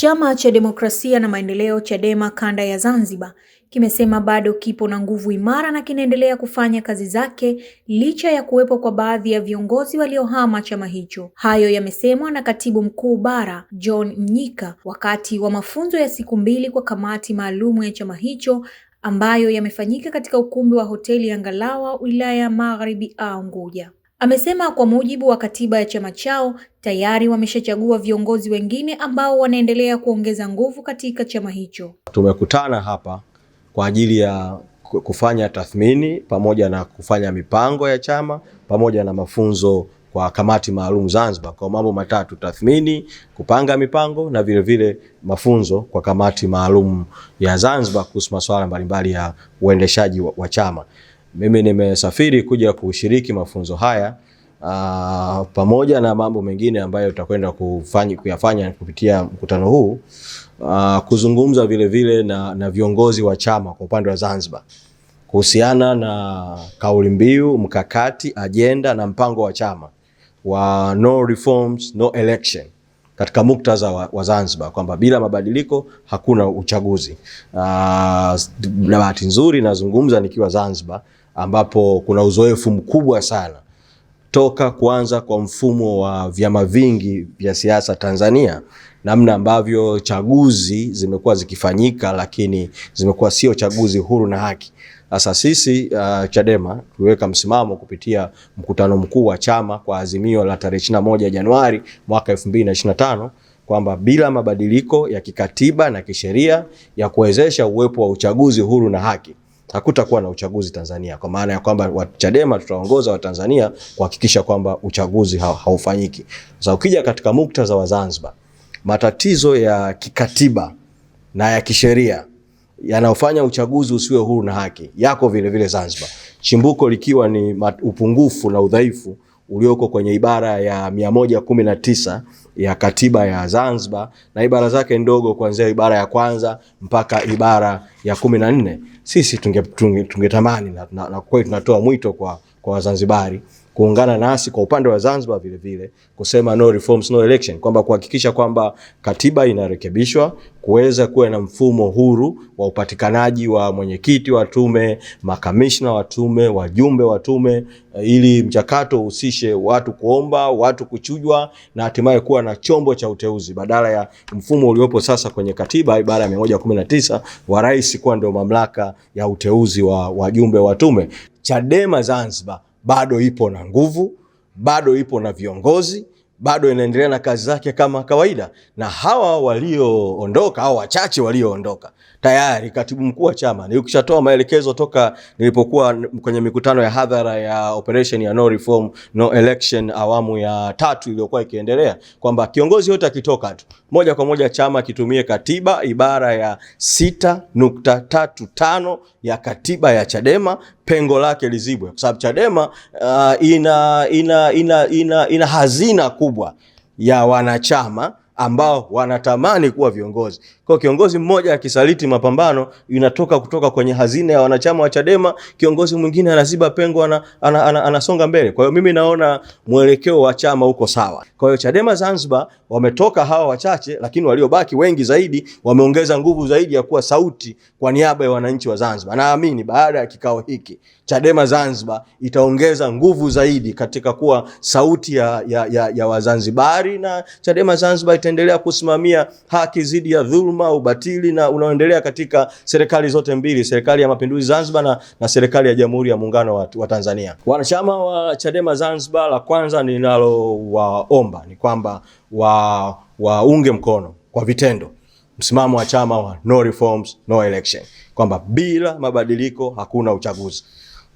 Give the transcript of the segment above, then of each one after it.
Chama cha Demokrasia na Maendeleo Chadema kanda ya Zanzibar kimesema bado kipo na nguvu imara na kinaendelea kufanya kazi zake licha ya kuwepo kwa baadhi ya viongozi waliohama chama hicho. Hayo yamesemwa na Katibu Mkuu Bara John Mnyika wakati wa mafunzo ya siku mbili kwa kamati maalumu ya chama hicho ambayo yamefanyika katika ukumbi wa hoteli ya Ngalawa wilaya ya Magharibi A Unguja. Amesema kwa mujibu wa katiba ya chama chao tayari wameshachagua viongozi wengine ambao wanaendelea kuongeza nguvu katika chama hicho. Tumekutana hapa kwa ajili ya kufanya tathmini pamoja na kufanya mipango ya chama pamoja na mafunzo kwa kamati maalum Zanzibar kwa mambo matatu: tathmini, kupanga mipango na vilevile vile mafunzo kwa kamati maalum ya Zanzibar kuhusu masuala mbalimbali ya uendeshaji wa, wa chama. Mimi nimesafiri kuja kushiriki mafunzo haya aa, ah, pamoja na mambo mengine ambayo tutakwenda kufanya kuyafanya kupitia mkutano huu aa, ah, kuzungumza vile vile na, na viongozi wa chama kwa upande wa Zanzibar kuhusiana na kauli mbiu, mkakati, ajenda na mpango wa chama wa no reforms, no election katika muktadha wa, wa Zanzibar kwamba bila mabadiliko hakuna uchaguzi. Ah, na bahati nzuri nazungumza nikiwa Zanzibar ambapo kuna uzoefu mkubwa sana toka kuanza kwa mfumo wa vyama vingi vya siasa Tanzania, namna ambavyo chaguzi zimekuwa zikifanyika, lakini zimekuwa sio chaguzi huru na haki. Sasa sisi uh, Chadema tuliweka msimamo kupitia mkutano mkuu wa chama kwa azimio la tarehe 21 Januari mwaka 2025 kwamba bila mabadiliko ya kikatiba na kisheria ya kuwezesha uwepo wa uchaguzi huru na haki hakutakuwa na uchaguzi Tanzania, kwa maana ya kwamba wa Chadema tutaongoza Watanzania kuhakikisha kwamba uchaguzi ha haufanyiki. Sasa ukija katika muktadha wa Zanzibar, matatizo ya kikatiba na ya kisheria yanayofanya uchaguzi usiwe huru na haki yako vilevile vile Zanzibar, chimbuko likiwa ni upungufu na udhaifu ulioko kwenye ibara ya mia moja kumi na tisa ya katiba ya Zanzibar na ibara zake ndogo kuanzia ibara ya kwanza mpaka ibara ya kumi na nne. Sisi tungetamani tunge, tunge na kweli tunatoa mwito kwa, kwa Wazanzibari kuungana nasi kwa upande wa Zanzibar vile vile kusema no reforms, no election, kwamba kuhakikisha kwamba katiba inarekebishwa kuweza kuwa na mfumo huru wa upatikanaji wa mwenyekiti wa tume, makamishna wa tume, wajumbe wa tume, eh, ili mchakato uhusishe watu kuomba, watu kuchujwa na hatimaye kuwa na chombo cha uteuzi badala ya mfumo uliopo sasa kwenye katiba ibara ya 119 wa rais kuwa ndio mamlaka ya uteuzi wa wajumbe wa tume. Chadema Zanzibar bado ipo na nguvu, bado ipo na viongozi, bado inaendelea na kazi zake kama kawaida, na hawa walioondoka au wachache walioondoka tayari katibu mkuu wa chama nilikushatoa maelekezo toka nilipokuwa kwenye mikutano ya hadhara ya operation ya no reform no election awamu ya tatu iliyokuwa ikiendelea kwamba kiongozi yote akitoka tu moja kwa moja chama kitumie katiba ibara ya 6.35 ya katiba ya Chadema pengo lake lizibwe, kwa sababu Chadema uh, ina, ina, ina, ina, ina hazina kubwa ya wanachama ambao wanatamani kuwa viongozi. Kwa kiongozi mmoja akisaliti mapambano inatoka kutoka kwenye hazina ya wanachama wa Chadema, kiongozi mwingine anaziba pengo, ana, ana, ana, anasonga mbele. Kwa hiyo mimi naona mwelekeo wa chama uko sawa. Kwa hiyo Chadema Zanzibar wametoka hawa wachache, lakini waliobaki wengi zaidi wameongeza nguvu zaidi ya kuwa sauti kwa niaba ya wananchi wa Zanzibar. Naamini baada ya kikao hiki Chadema Zanzibar itaongeza nguvu zaidi katika kuwa sauti ya, ya, ya, ya Wazanzibari na Chadema Zanzibar ita ataendelea kusimamia haki dhidi ya dhulma, ubatili na unaoendelea katika serikali zote mbili, serikali ya mapinduzi Zanzibar na, na serikali ya Jamhuri ya Muungano wa, wa Tanzania. Wanachama wa Chadema Zanzibar, la kwanza ninalowaomba ni kwamba wa waunge mkono kwa vitendo msimamo wa chama wa no reforms, no election, kwamba bila mabadiliko hakuna uchaguzi.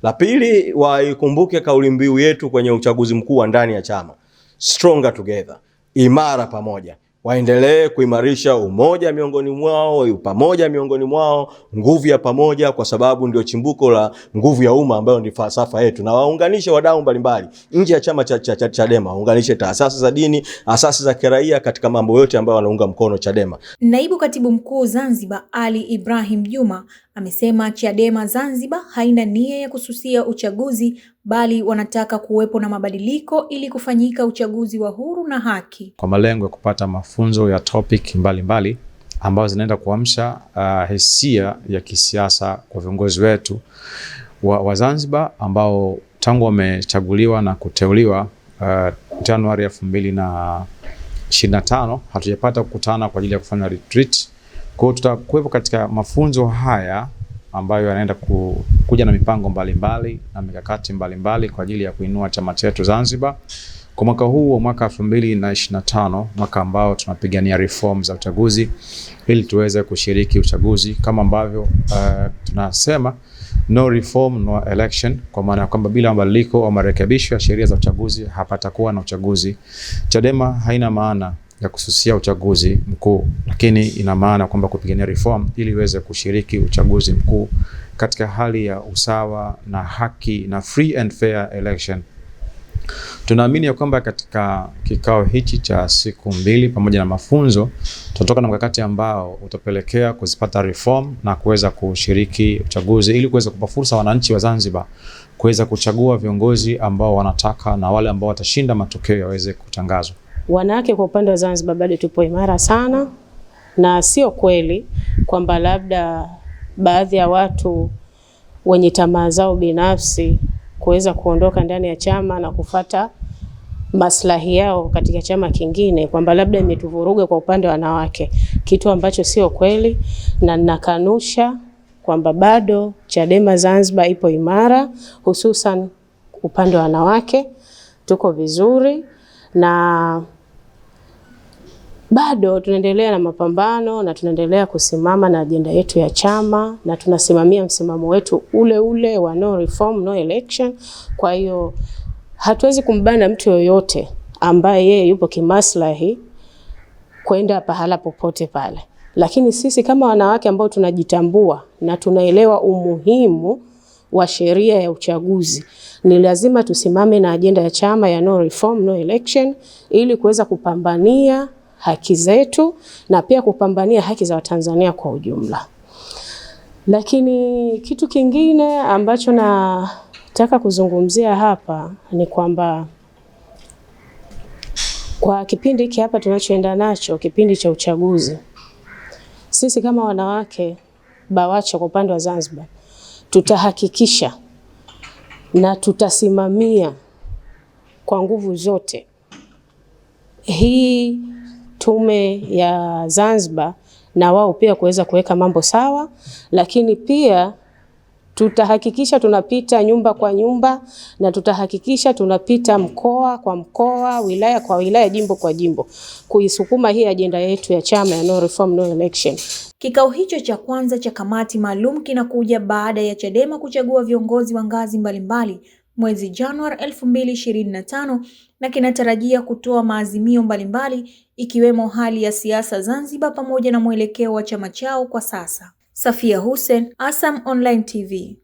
La pili, waikumbuke kauli mbiu yetu kwenye uchaguzi mkuu wa ndani ya chama, stronger together, imara pamoja waendelee kuimarisha umoja miongoni mwao, pamoja miongoni mwao, nguvu ya pamoja, kwa sababu ndio chimbuko la nguvu ya umma ambayo ni falsafa yetu, na waunganishe wadau mbalimbali nje ya chama cha, cha, cha Chadema, waunganishe taasisi za dini, asasi za kiraia katika mambo yote ambayo wanaunga mkono Chadema. Naibu Katibu Mkuu Zanzibar Ali Ibrahim Juma amesema Chadema Zanzibar haina nia ya kususia uchaguzi bali wanataka kuwepo na mabadiliko ili kufanyika uchaguzi wa huru na haki, kwa malengo ya kupata mafunzo ya topic mbalimbali ambazo zinaenda kuamsha uh, hisia ya kisiasa kwa viongozi wetu wa, wa Zanzibar ambao tangu wamechaguliwa na kuteuliwa uh, Januari elfu mbili na ishirini na tano hatujapata kukutana kwa ajili ya kufanya retreat. Kwa hiyo tutakuwepo katika mafunzo haya ambayo yanaenda ku, kuja na mipango mbalimbali mbali, na mikakati mbalimbali kwa ajili ya kuinua chama chetu Zanzibar kwa mwaka huu wa mwaka 2025 mwaka ambao tunapigania reform za uchaguzi ili tuweze kushiriki uchaguzi kama ambavyo uh, tunasema no reform no election, kwa maana ya kwamba bila mabadiliko au marekebisho ya sheria za uchaguzi hapatakuwa na uchaguzi. Chadema haina maana ya kususia uchaguzi mkuu, lakini ina maana kwamba kupigania reform ili iweze kushiriki uchaguzi mkuu katika hali ya usawa na haki na free and fair election. Tunaamini ya kwamba katika kikao hichi cha siku mbili pamoja na mafunzo tutatoka na mkakati ambao utapelekea kuzipata reform na kuweza kushiriki uchaguzi ili kuweza kupa fursa wananchi wa Zanzibar kuweza kuchagua viongozi ambao wanataka na wale ambao watashinda matokeo yaweze kutangazwa. Wanawake kwa upande wa Zanzibar bado tupo imara sana, na sio kweli kwamba labda baadhi ya watu wenye tamaa zao binafsi kuweza kuondoka ndani ya chama na kufata maslahi yao katika chama kingine, kwamba labda imetuvuruga kwa upande wa wanawake, kitu ambacho sio kweli, na nakanusha kwamba bado Chadema Zanzibar ipo imara, hususan upande wa wanawake tuko vizuri na bado tunaendelea na mapambano na tunaendelea kusimama na ajenda yetu ya chama na tunasimamia msimamo wetu ule ule wa no reform, no election. Kwa hiyo hatuwezi kumbana mtu yoyote ambaye yeye yupo kimaslahi kwenda pahala popote pale, lakini sisi kama wanawake ambao tunajitambua na tunaelewa umuhimu wa sheria ya uchaguzi ni lazima tusimame na ajenda ya chama ya no reform, no election ili kuweza kupambania haki zetu na pia kupambania haki za Watanzania kwa ujumla. Lakini kitu kingine ambacho nataka kuzungumzia hapa ni kwamba kwa kipindi hiki hapa tunachoenda nacho, kipindi cha uchaguzi, sisi kama wanawake BAWACHA kwa upande wa Zanzibar tutahakikisha na tutasimamia kwa nguvu zote hii Tume ya Zanzibar na wao pia kuweza kuweka mambo sawa, lakini pia tutahakikisha tunapita nyumba kwa nyumba na tutahakikisha tunapita mkoa kwa mkoa, wilaya kwa wilaya, jimbo kwa jimbo, kuisukuma hii ajenda yetu ya chama ya no reform, no election. Kikao hicho cha kwanza cha kamati maalum kinakuja baada ya Chadema kuchagua viongozi wa ngazi mbalimbali mwezi Januari 2025 na kinatarajia kutoa maazimio mbalimbali ikiwemo hali ya siasa Zanzibar pamoja na mwelekeo wa chama chao kwa sasa. Safia Hussein, Asam Online TV.